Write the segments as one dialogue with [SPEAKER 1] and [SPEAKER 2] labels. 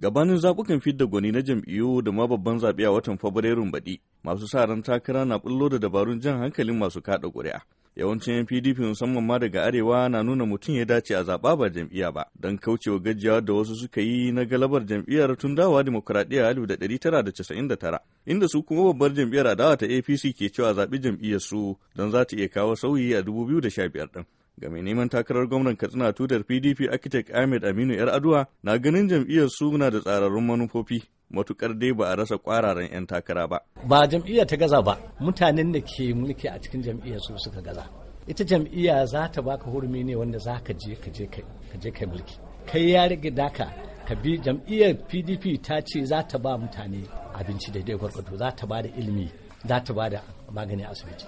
[SPEAKER 1] gabanin zaɓukan fidda gwani na jam'iyyu da ma babban zaɓe a watan fabrairun baɗi masu sa ran takara na bullo da dabarun jan hankalin masu kaɗa ƙuri'a yawancin yan pdp musamman ma daga arewa na nuna mutum ya dace a zaɓa ba jam'iyya ba don kaucewa gajiyawa da wasu suka yi na galabar jam'iyyar tun dawa demokuraɗiyya alif da ɗari tara da casa'in da tara inda su kuma babbar jam'iyyar adawa ta apc ke cewa zaɓi jam'iyyar su don za ta iya kawo sauyi a dubu biyu da sha biyar ɗin ga neman takarar gwamnan katsina tudar pdp architect ahmed aminu yar aduwa na ganin jam'iyyar suna da tsararrun manufofi matukar dai ba a rasa kwararan 'yan takara ba ba jam'iyyar ta gaza
[SPEAKER 2] ba mutanen da ke mulki a cikin jam'iyyar su suka gaza ita jam'iyya za ta baka hurumi ne wanda za ka je ka je ka je kai mulki kai ya rage daka ka bi jam'iyyar pdp ta ce za ta ba mutane abinci daidai gwargwado za ta ba da ilimi za ta ba da magani asibiti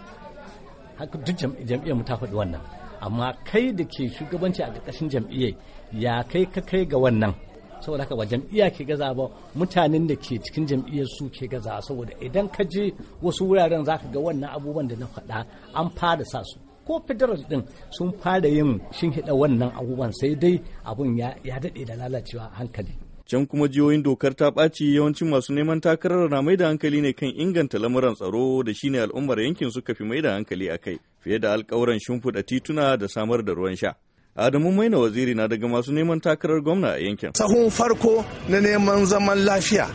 [SPEAKER 2] haka duk jam'iyyar mu ta faɗi wannan amma kai da ke shugabanci a ƙarƙashin jam'iyya ya kai ka kai ga wannan saboda haka ba jam'iyya ke gaza ba mutanen da ke cikin jam'iyyar su ke gaza saboda idan ka je wasu wuraren zaka ga wannan abubuwan da na faɗa an fara sa su ko federal din sun fara yin hida wannan abubuwan sai dai abun ya daɗe da lalacewa hankali can
[SPEAKER 1] kuma jihohin dokar ta ɓaci yawancin masu neman takarar na mai da hankali ne kan inganta lamuran tsaro da shine al'ummar yankin suka fi mai da hankali a kai fiye da alkawuran shimfiɗa tituna da samar da ruwan sha. Adamu Maina waziri na daga masu neman takarar gwamna a yankin.
[SPEAKER 3] Sahun farko na neman zaman lafiya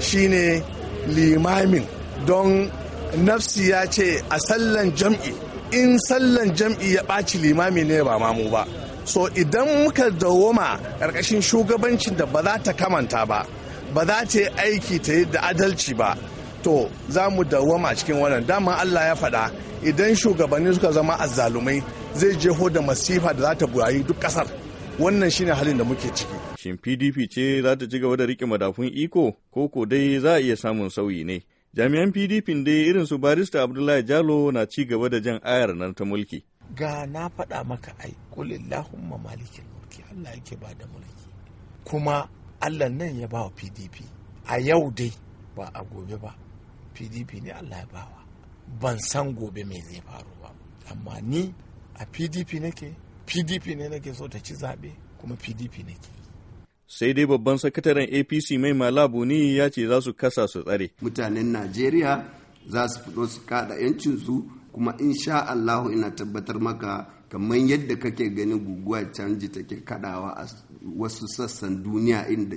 [SPEAKER 3] shine limamin don nafsi ya ce a sallan jam'i in sallan jam'i ya ɓaci limami ne ba mamu ba. So idan muka dawoma ƙarƙashin shugabancin da ba za ta kamanta ba, ba za ta yi aiki ta yi da adalci ba, to za mu a cikin wannan dama Allah ya faɗa idan shugabanni suka zama azzalumai zai jeho da masifa da za ta burayi duk ƙasar wannan shine halin da muke ciki
[SPEAKER 1] shin PDP ce za ta ci gaba da rike madafun iko ko ko dai za a iya samun sauyi ne jami'an PDP dai irin su barista Abdullahi Jalo na ci gaba da jan ayar nan ta mulki
[SPEAKER 4] ga na faɗa maka ai kulillahumma malikin mulki Allah yake ba da mulki kuma Allah nan ya ba wa PDP a yau dai ba a gobe ba pdp ne allah ya bawa ban san gobe mai zai faru ba amma ni a pdp nake pdp ne nake so ta ci zaɓe kuma pdp nake
[SPEAKER 1] sai dai babban sakataren apc mai malabu ni ya ce za su kasa su tsare mutanen najeriya za su
[SPEAKER 5] fito su kada yancinsu kuma sha allahu ina tabbatar maka kamar yadda kake ganin guguwa canji take kadawa a wasu sassan duniya inda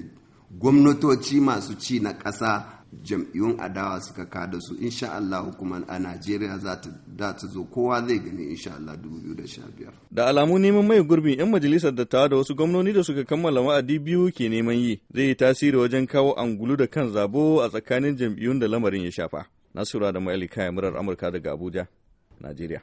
[SPEAKER 5] gwamnatoci masu ci na kasa. jam'iyyun adawa suka kada su insha Allah kuma a Najeriya za ta zo kowa zai gani insha Allah 2015
[SPEAKER 1] da alamu neman mai gurbin yan majalisar da tawa da wasu gwamnoni da suka kammala wa'adi biyu ke neman yi zai yi tasiri wajen kawo angulu da kan zabo a tsakanin jam'iyyun da lamarin ya shafa nasura da mai kayan murar Amurka daga Abuja Najeriya